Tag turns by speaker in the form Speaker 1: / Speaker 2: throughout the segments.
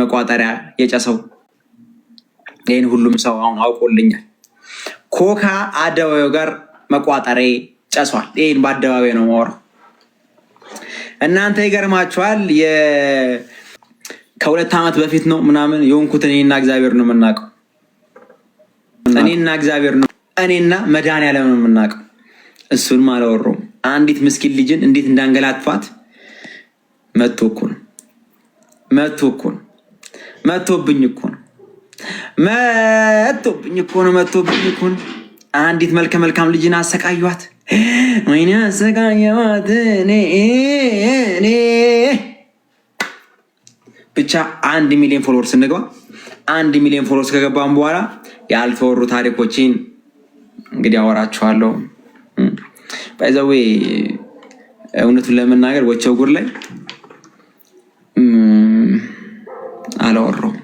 Speaker 1: መቋጠሪያ የጨሰው ይህን ሁሉም ሰው አሁን አውቆልኛል። ኮካ አደባባዩ ጋር መቋጠሬ ጨሷል። ይህን በአደባባይ ነው ማወራው። እናንተ ይገርማችኋል። ከሁለት ዓመት በፊት ነው ምናምን የሆንኩት እኔና እግዚአብሔር ነው የምናውቀው። እኔና እግዚአብሔር ነው እኔና መድኃኒዓለም ነው የምናውቀው። እሱንም አላወራውም። አንዲት ምስኪን ልጅን እንዴት እንዳንገላጥፋት መቶ እኮ ነው መቶ እኮ ነው መቶብኝ እኮ ነው መቶብኝ እኮ ነው መቶብኝ እኮ ነው። አንዲት መልከ መልካም ልጅን አሰቃዩት። ወይኔ አሰቃየዋት። እኔ ብቻ አንድ ሚሊዮን ፎሎወርስ ስንገባ አንድ ሚሊዮን ፎሎወርስ ከገባም በኋላ ያልተወሩ ታሪኮችን እንግዲህ አወራችኋለሁ። ባይዘዌ እውነቱን ለመናገር ወቸው ጉር ላይ አላወራሁም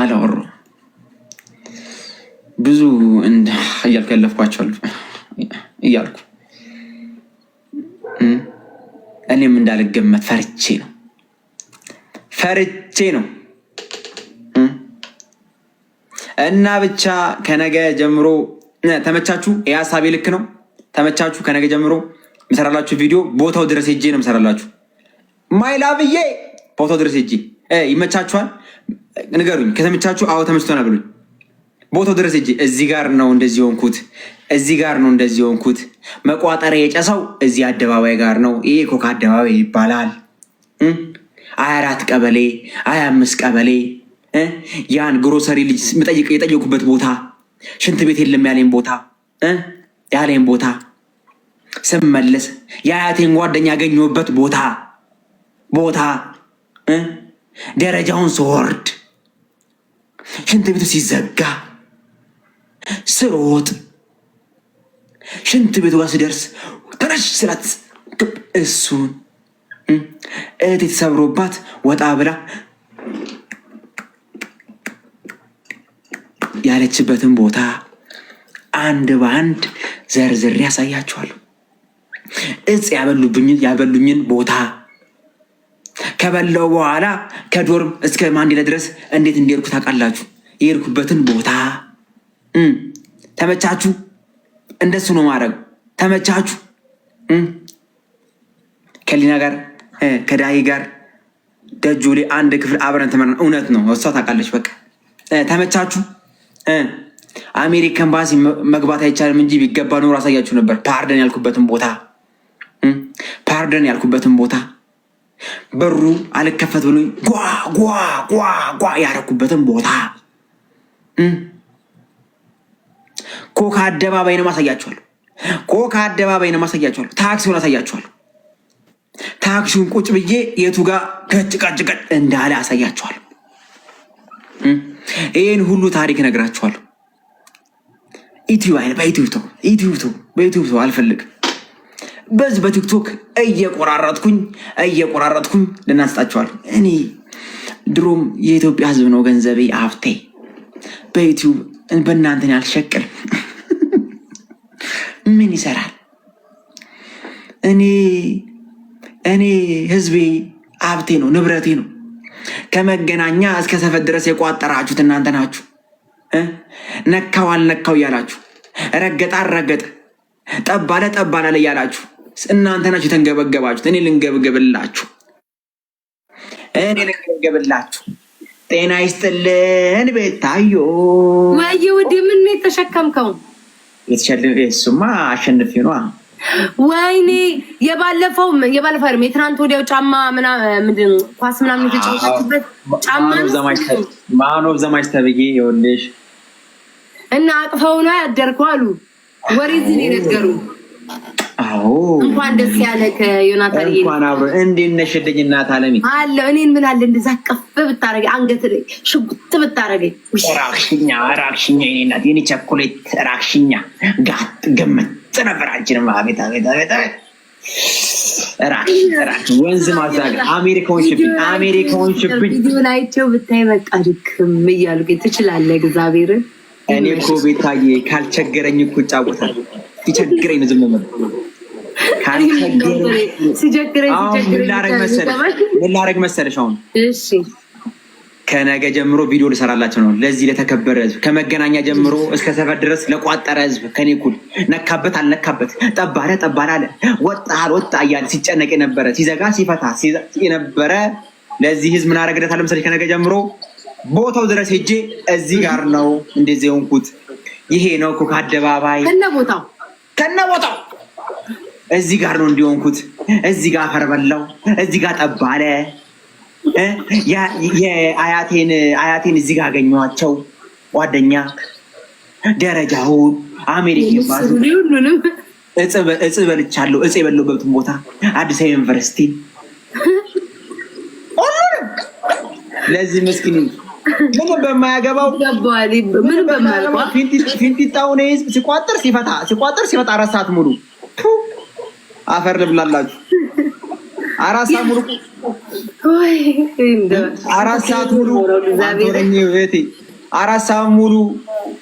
Speaker 1: አላወራሁም ብዙ እያልኩ ያለፍኳቸው እያልኩ እኔም እንዳልገመት ፈርቼ ነው ፈርቼ ነው። እና ብቻ ከነገ ጀምሮ ተመቻችሁ። የሀሳቤ ልክ ነው። ተመቻችሁ። ከነገ ጀምሮ የምሰራላችሁ ቪዲዮ ቦታው ድረስ ሄጄ ነው የምሰራላችሁ ማይላብዬ ፎቶ ድረስ ሂጂ። ይመቻችኋል ንገሩኝ። ከተመቻችሁ አዎ ተመችቶናል ብሉኝ። ቦታው ድረስ ሂጂ። እዚህ ጋር ነው እንደዚህ ሆንኩት፣ እዚህ ጋር ነው እንደዚህ ሆንኩት። መቋጠሪያ የጨሰው እዚህ አደባባይ ጋር ነው። ይሄ ኮካ አደባባይ ይባላል። ሀያ አራት ቀበሌ ሀያ አምስት ቀበሌ ያን ግሮሰሪ ልጅ የጠየቁበት ቦታ ሽንት ቤት የለም ያለኝ ቦታ ያለኝ ቦታ ስመለስ የአያቴን ጓደኛ ያገኘሁበት ቦታ ቦታ ደረጃውን ስወርድ፣ ሽንት ቤቱ ሲዘጋ ስሮጥ፣ ሽንት ቤቱ ጋር ስደርስ ተነሽ ስላት እሱን እህት የተሰብሮባት ወጣ ብላ ያለችበትን ቦታ አንድ በአንድ ዘርዝሬ ያሳያችኋለሁ። እጽ ያበሉኝን ቦታ ከበላው በኋላ ከዶርም እስከ ማንዴላ ድረስ እንዴት እንደሄድኩ ታውቃላችሁ? የሄድኩበትን ቦታ ተመቻችሁ? እንደሱ ነው ማድረግ። ተመቻችሁ? ከሊና ጋር ከዳሂ ጋር ደጁ ላይ አንድ ክፍል አብረን ተመረን እውነት ነው እሷ ታውቃለች። በቃ ተመቻችሁ? አሜሪካ ኤምባሲ መግባት አይቻልም እንጂ ቢገባ ኖሮ አሳያችሁ ነበር። ፓርደን ያልኩበትን ቦታ ፓርደን ያልኩበትን ቦታ በሩ አልከፈት ብሎ ጓ ጓ ጓ ጓ ያረኩበትን ቦታ ኮካ አደባባይ ነው ማሳያችኋለሁ። ኮካ አደባባይ ነው ማሳያችኋለሁ። ታክሲውን አሳያችኋለሁ። ታክሲውን ቁጭ ብዬ የቱ ጋር ገጭ ቀጭ ቀጭ እንዳለ አሳያችኋለሁ። ይህን ሁሉ ታሪክ እነግራችኋለሁ። ኢትዮ አይነ በኢትዮ ተው፣ ኢትዮ ተው፣ በኢትዮ ተው አልፈልግም። በዚህ በቲክቶክ እየቆራረጥኩኝ እየቆራረጥኩኝ ልናስጣቸዋል። እኔ ድሮም የኢትዮጵያ ሕዝብ ነው ገንዘቤ ሀብቴ። በዩቲዩብ በእናንተን ያልሸቅል ምን ይሰራል? እኔ እኔ ሕዝቤ ሀብቴ ነው ንብረቴ ነው። ከመገናኛ እስከ ሰፈር ድረስ የቋጠራችሁት እናንተ ናችሁ። ነካው አልነካው እያላችሁ ረገጣ ረገጠ ጠባለ ጠባላለ እያላችሁ እናንተ ናችሁ የተንገበገባችሁት። እኔ ልንገብገብላችሁ፣ እኔ ልንገብገብላችሁ። ጤና ይስጥልን ቤታዮ።
Speaker 2: ወይ ውድ ምን የተሸከምከው
Speaker 1: እሱማ አሸንፊ ነ
Speaker 2: ወይኔ የባለፈው የባለፈው አይደለም የትናንት ወዲያው ጫማ ምንድን ኳስ ምናምን የተጫወታችበት
Speaker 1: ጫማ ማኖብ ዘማች ተብዬ ይኸውልሽ
Speaker 2: እና አቅፈውና ያደርኩ አሉ ወሬ ዝን የነገሩ እንኳን ደስ ያለ ዮናታን።
Speaker 1: እንኳን አብሮ እንዴት ነሽልኝ እናት አለሚ
Speaker 2: አለ እኔን ምን አለ እንደዛ ቀፍ ብታረገ አንገት ሽጉጥ ብታረገ።
Speaker 1: ራክሽኛ ራክሽኛ፣ የኔ እናት፣ የኔ ቸኮሌት ራክሽኛ። ጋጥ ገመጥ ነበር አቤት አቤት አቤት አቤት ወንዝ ማዛግ አሜሪካውን ሽብኝ አሜሪካውን ሽብኝ
Speaker 2: ላይቸው ብታይ በቃ ድክም እያሉ ትችላለህ። እግዚአብሔርን
Speaker 1: እኔ እኮ ቤታዬ ካልቸገረኝ እኮ እጫወታለሁ። ዝም ምን ላደርግ መሰለሽ አሁን ከነገ ጀምሮ ቪዲዮ ልሰራላቸው ነው። ለዚህ ለተከበረ ህዝብ ከመገናኛ ጀምሮ እስከ ሰፈር ድረስ ለቋጠረ ህዝብ ከኔ ኩል ነካበት አልነካበት ጠባለ አለ ጠባ አለ ወጣ አልወጣ እያለ ሲጨነቅ የነበረ ሲዘጋ ሲፈታ የነበረ ለዚህ ህዝብ ምን አደርግለታለሁ መሰለሽ? ከነገ ጀምሮ ቦታው ድረስ ሄጄ እዚህ ጋር ነው እንደዚህ የሆንኩት ይሄ ነው እኮ ከአደባባይ ከነ ቦታው ከነ ቦታው እዚህ ጋር ነው እንዲሆንኩት። እዚህ ጋር አፈር በላው፣ እዚህ ጋር ጠባለ፣ የአያቴን አያቴን እዚህ ጋር አገኘኋቸው። ጓደኛ ደረጃውን አሜሪካ ባሉ እጽ በልቻለሁ። እጽ የበለውበትን ቦታ አዲስ አበባ ዩኒቨርሲቲ ለዚህ ምስኪን ምን በማያገባው ፊንጢጣውን ሲቋጥር ሲፈታ ሲቋጥር ሲፈታ አራት ሰዓት ሙሉ አፈር ልብላላችሁ። አራት ሰዓት ሙሉ አራት ሰዓት ሙሉ ቤቴ አራት ሰዓት ሙሉ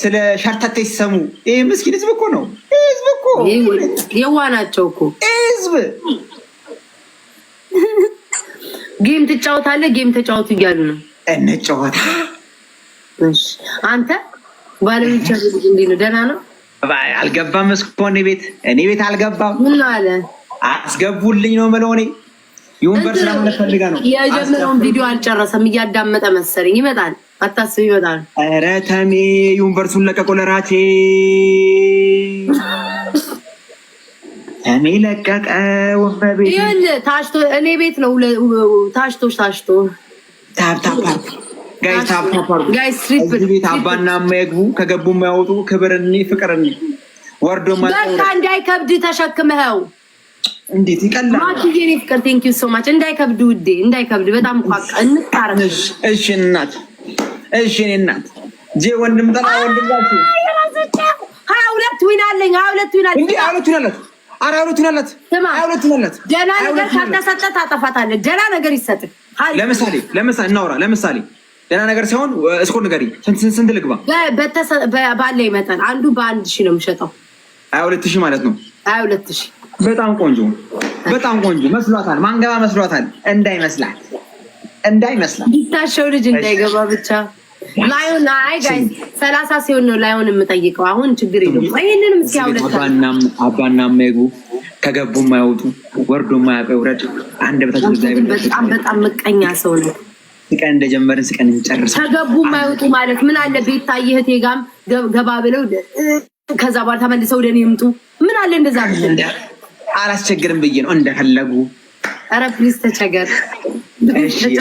Speaker 1: ስለ ሸርተቴ ሲሰሙ ይህ ምስኪን ህዝብ እኮ ነው። ህዝብ እኮ
Speaker 2: የዋ ናቸው እኮ ህዝብ። ጌም ትጫወታለህ፣ ጌም ተጫወቱ እያሉ ነው።
Speaker 1: እንጫወታ
Speaker 2: አንተ ባለሚቻ እንዲ ነው? ደህና ነው
Speaker 1: አልገባም እስኮ እኔ ቤት እኔ ቤት አልገባም። ምን አለ አስገቡልኝ ነው የምለው። እኔ የወንበር ስራ ምንፈልጋ
Speaker 2: ነው። የጀመረውን ቪዲዮ አልጨረሰም፣ እያዳመጠ መሰለኝ። ይመጣል፣ አታስብ፣ ይመጣል።
Speaker 1: ኧረ ተሜ ዩኒቨርሱን ለቀቆ ለራቴ ተሜ ለቀቀ። ወንበር
Speaker 2: ታሽቶ እኔ ቤት ነው ታሽቶ ታሽቶ
Speaker 1: ታብታብ ጋይስ እዚህ ቤት አባና የማይግቡ ከገቡ የማይወጡ ክብርኒ ፍቅርኒ ወርዶ በቃ
Speaker 2: እንዳይከብድ ተሸክመኸው እንዴት ይቀላል። ማኪዬ እኔ ፍቅር ቴንክ ዩ ሶ ማች። እንዳይከብድ ውዴ እንዳይከብድ በጣም ቋቅ እንታረም። እሺ እናት፣ እሺ እናት ጄ ወንድም ጠላ ወንድም ጋር ሀያ ሁለት ዊን አለኝ። ሀያ ሁለት ዊን አለኝ። ሀያ ሁለት ዊን አለት አራ ሁለት ዊን አለት ሀያ ሁለት ዊን አለት። ደህና ነገር ካልተሰጠህ ታጠፋታለህ። ደህና ነገር ይሰጥህ። ለምሳሌ ለምሳሌ እናውራ ለምሳሌ ደህና ነገር ሲሆን እስኮ ንገሪ፣ ስንት ልግባ? ባለኝ መጠን አንዱ በአንድ ሺ ነው የምሸጠው። ሀያ ሁለት ሺ ማለት ነው። ሀያ ሁለት ሺ በጣም ቆንጆ፣ በጣም ቆንጆ መስሏታል። ማንገባ መስሏታል። እንዳይመስላት፣ እንዳይመስላል፣ ይታሸው ልጅ እንዳይገባ ብቻ ላዮን አይ ጋይስ ሰላሳ ሲሆን ነው ላዮን የምጠይቀው። አሁን ችግር የለም። ይህንን አባና የማይጉ ከገቡ የማያወጡ ወርዶ የማያውቀው ይውረድ። አንድ በጣም በጣም ምቀኛ ሰው ነው። ስቀን እንደጀመርን ስቀን እንጨርሳለን። ከገቡ ማይወጡ ማለት ምን አለ? ቤታዬ እህቴ ገባ ብለው ከዛ በኋላ ተመልሰው ወደ እኔ ይምጡ። ምን አለ እንደዛ አላስቸግርም ብዬ ነው እንደፈለጉ። ኧረ ፕሊዝ ተቸገር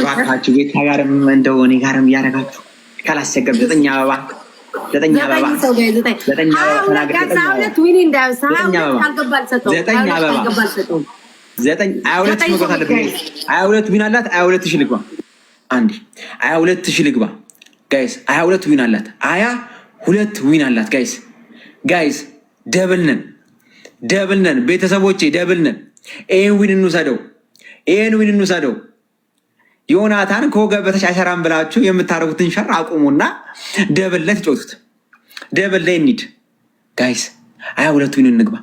Speaker 2: ባካችሁ። ቤታ ጋርም እንደው እኔ ጋርም እያደረጋችሁ ካላስቸገር ዘጠኝ አበባ ዘጠኝ አበባ ዘጠኝ አበባ ዘጠኝ ሀያ ሁለት መግባት አለብኝ። አላት ሀያ ሁለት አንዴ አያ ሁለት ሺ ልግባ ጋይስ። አያ ሁለት ዊን አላት። አያ ሁለት ዊን አላት ጋይስ። ጋይስ ደብልነን ደብልነን ቤተሰቦቼ ደብልነን። ይህን ዊን እንውሰደው፣ ይህን ዊን እንውሰደው። ዮናታን ከወገበተሽ አይሰራም ብላችሁ የምታደርጉትን ሸር አቁሙና ደብል ላይ ተጫወቱት። ደብል ላይ እኒድ ጋይስ። አያ ሁለት ዊን እንግባ፣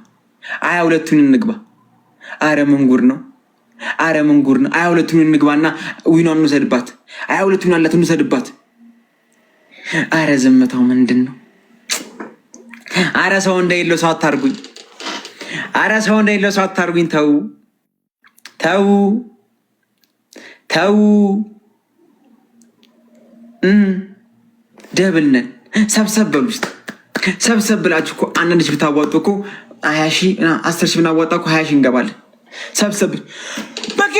Speaker 2: አያ ሁለት ዊን እንግባ። አረ ምን ጉድ ነው! አረ ምን ጉድ ነው! አያ ሁለት ዊን እንግባና ዊኗን እንውሰድባት። አያ ሁለት ምናላት አላት እንውሰድባት። አረ ዝምታው ምንድን ነው? አረ ሰው እንደሌለው ሰው አታርጉኝ። አረ ሰው እንደሌለው ሰው አታርጉኝ። ተው ተው ተው። ደብል ነን። ሰብሰብ በሉ ውስጥ ሰብሰብ ብላችሁ እኮ አንዳንድ ሺህ ብታዋጡ እኮ ሀያ ሺህ አስር ሺህ ብናዋጣ እኮ ሀያ ሺህ እንገባለን። ሰብሰብ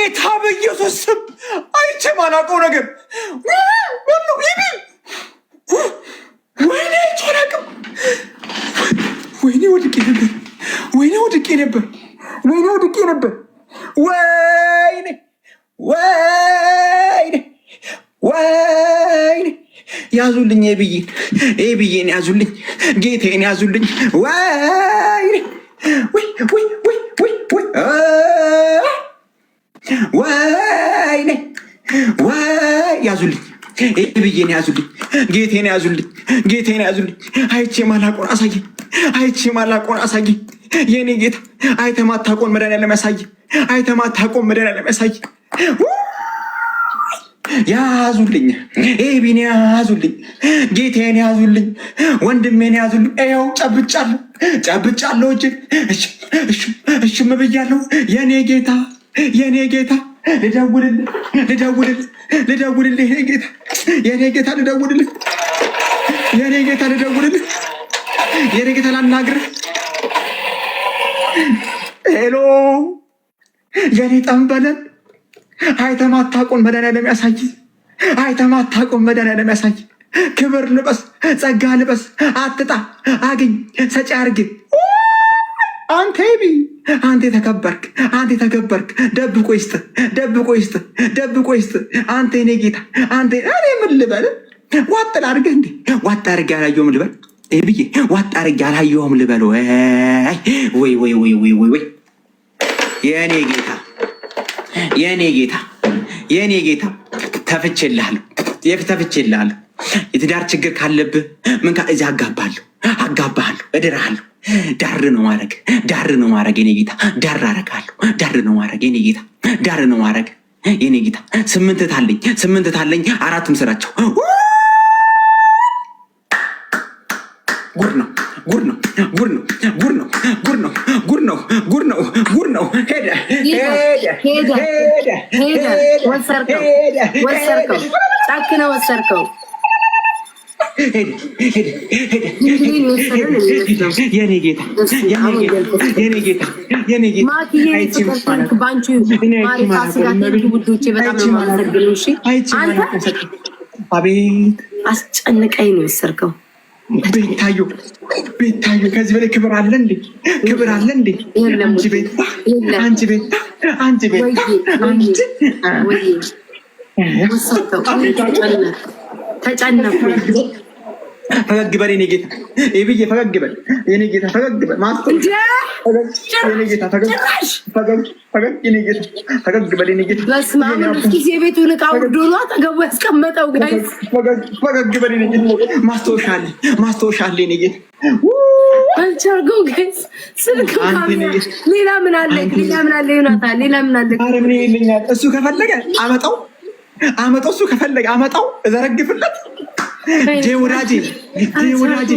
Speaker 2: 이 답을 이어서 습 아이체만 하고 오라게 왜왜 이미 왜네 저라금 왜네 어디 끼는데 왜네 어디 끼는데 왜네 어디 끼는데 왜네 왜네 왜네 ያዙልኝ ኤብዬ ኤብዬን ያዙልኝ ጌቴን ያዙልኝ ወይ ወይ ወይ ወይ ወይ ወይኔ ወይ ያዙልኝ፣ ብዬን ያዙልኝ፣ ጌቴን ያዙልኝ፣ ጌቴን ያዙልኝ። አይቼ ማላቆን አሳየኝ፣ አይቼ ማላቆን አሳየኝ። የኔ ጌታ አይተ ማታቆን መድኃኒዓለም ያሳየኝ፣ አይተ ማታቆን መድኃኒዓለም ያሳየኝ። ያዙልኝ፣ ኤቢን ያዙልኝ፣ ጌቴን ያዙልኝ፣ ወንድሜን ያዙልኝ። ያው ጨብጫለሁ፣ ጨብጫለሁ፣ እጅ እሽም ብያለሁ የኔ ጌታ የኔ ጌታ ልደውልልህ ልደውልልህ ልደውልልህ የኔ ጌታ የኔ ጌታ ልደውልልህ የኔ ጌታ ልደውልልህ የኔ ጌታ ላናግርህ ሄሎ የኔ ጠንበለን አይተማታቁን መድኃኒዓለም ያሳይ አይተማታቁን መድኃኒዓለም ያሳይ ክብር ልበስ ጸጋ ልበስ አትጣ አግኝ ሰጪ አርግ አንተ ቢ አንተ የተከበርክ አንተ የተከበርክ ደብቆ ይስጥ ደብቆ ይስጥ ደብቆ ይስጥ። አንተ የኔ ጌታ አንተ እኔ ምን ልበል? ዋጥ ላድርግህ እንዴ? ዋጥ አድርጌ አላየሁም ልበል? ይህ ብዬ ዋጥ አድርጌ አላየሁም ልበል? ወይ ወይ ወይ ወይ ወይ ወይ! ወይ የእኔ ጌታ የእኔ ጌታ የእኔ ጌታ ተፍቼልሃለሁ፣ ተፍቼልሃለሁ። የትዳር ችግር ካለብህ ምን እዚህ አጋባለሁ አጋባሃለሁ፣ እድርሃለሁ። ዳር ነው ማድረግ፣ ዳር ነው ማድረግ የኔ ጌታ፣ ዳር አረጋለሁ። ዳር ነው ማድረግ የኔ ጌታ፣ ዳር ነው ማድረግ የኔ ጌታ። ስምንት ታለኝ፣ ስምንት ታለኝ፣ አራትም ስራቸው ጉድ ነው፣ ጉር ነው፣ ጉር ነው፣ ነው፣ ነው፣ ነው፣ ነው፣ ነው። ሄደ ሄደ ሄደ ሄደ፣ ጫክ ነው ወሰርከው የኔ ጌታ የኔ አስጨንቀኝ ነው የሰርገው። ቤታዮ ቤታዮ፣ ከዚህ በላይ ክብር አለ እንዴ? ክብር አለ እንዴ? አንቺ ቤታ፣ አንቺ ቤታ፣ አንቺ ቤታ፣ አንቺ ፈገግ በል የኔ ጌታ ብዬ ፈገግ በል የኔ ጌታ ፈገግ በል ፈገግ በል ጌታ። ፈገግ በል ጌታ። ማስታወሻ አለ የኔ ጌታ። አልቻልኩም ጋይስ። ስልክ ሌላ ምን አለ? ሌላ ምን አለ? ዮናታን ሌላ ምን አለ? ምን ይልኛል እሱ ከፈለገ አመጣው አመጣው እሱ ከፈለገ አመጣው እዘረግፍለት ወዳጄ ወዳጄ